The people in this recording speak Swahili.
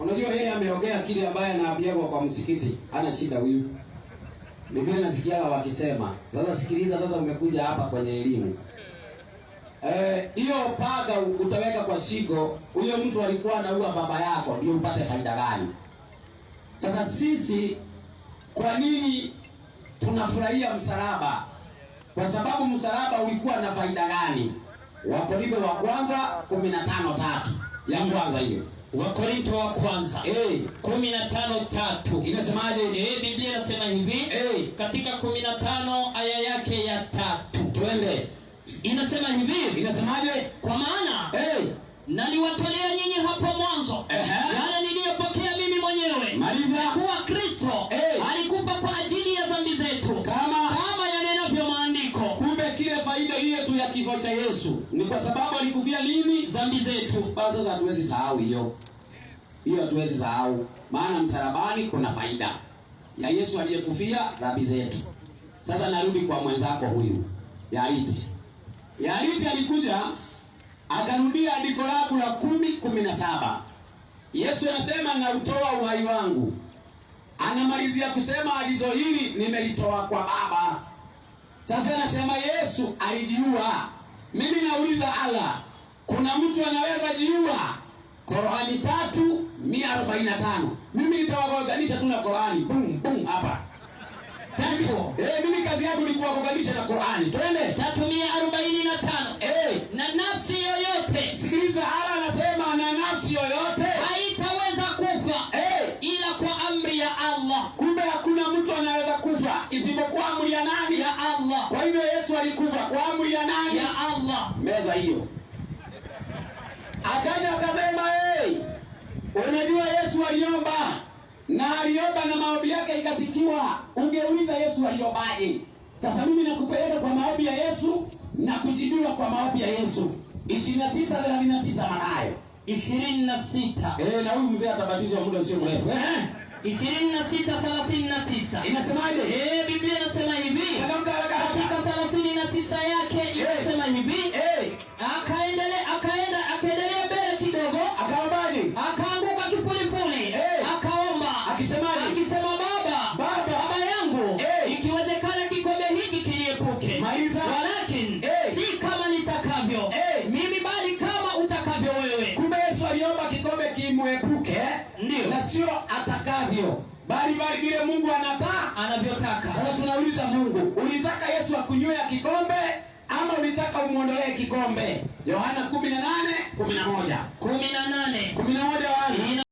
Unajua yeye ameongea kile ambaye anaambiwa kwa msikiti, hana shida huyu. Biblia nasikia wakisema. Sasa sikiliza, sasa umekuja hapa kwenye elimu. Eh, hiyo paga utaweka kwa shingo, huyo mtu alikuwa anaua baba yako ndio upate faida gani? Sasa sisi kwa nini tunafurahia msalaba? Kwa sababu msalaba ulikuwa na faida gani? Wakorintho wa kwanza 15:3 ya kwanza hiyo. Wakorinto wa kwanza hey, eh. kumi na tano tatu inasemaje? Hey, eh, Biblia inasema hivi hey, eh. katika kumi na tano aya yake ya tatu twende, inasema hivi inasemaje? Kwa maana hey, naliwatolea nyinyi hapo mwanzo uh -huh. kifo cha Yesu ni kwa sababu alikufia nini? Dhambi zetu. Basi sasa hatuwezi sahau hiyo hiyo, hatuwezi sahau, maana msalabani kuna faida ya Yesu aliyekufia dhambi zetu. Sasa narudi kwa mwenzako huyu Yariti. Yariti alikuja akarudia andiko lako la kumi kumi na saba. Yesu anasema nautoa uhai wangu, anamalizia kusema alizo hili nimelitoa kwa Baba. Sasa nasema Yesu alijiua. Mimi nauliza Allah, kuna mtu anaweza jiua? Korani tatu mia arobaini na tano. Mimi nitawagonganisha tu na Korani boom boom hapa Tatu. Eh, mimi kazi yangu ni kuwagonganisha na Korani. Twende. Tatu mia arobaini na tano. Eh, na nafsi yoyote. Sikiliza, Allah anasema na nafsi yoyote haitaweza kufa eh, ila kwa amri ya Allah. Kumbe hakuna mtu anaweza kufa isipokuwa Yesu alikufa kwa amri ya nani? Ya Allah. Meza hiyo akaja akasema, hey, unajua Yesu aliomba na aliomba na maombi yake ikasikiwa. Ungeuliza Yesu aliombaje? Sasa mimi nakupeleka kwa maombi ya Yesu na kujibiwa kwa maombi ya Yesu. 26 39 Mathayo 26. Eh, na huyu mzee atabatizwa muda usio mrefu. Eh? 26 Inasemaje? Eh, Biblia inasema akisemaje? Akisema baba, baba, baba yangu hey, eh, ikiwezekana kikombe hiki kiniepuke, maliza walakin hey, eh, si kama nitakavyo hey, eh, mimi bali kama utakavyo wewe. Kumbe Yesu aliomba kikombe kimwepuke, ndio na sio atakavyo bali bali vile Mungu anataka anavyotaka. Sasa tunauliza Mungu, ulitaka Yesu akunywea kikombe ama ulitaka umwondolee kikombe? Yohana 18:11 18 11 wani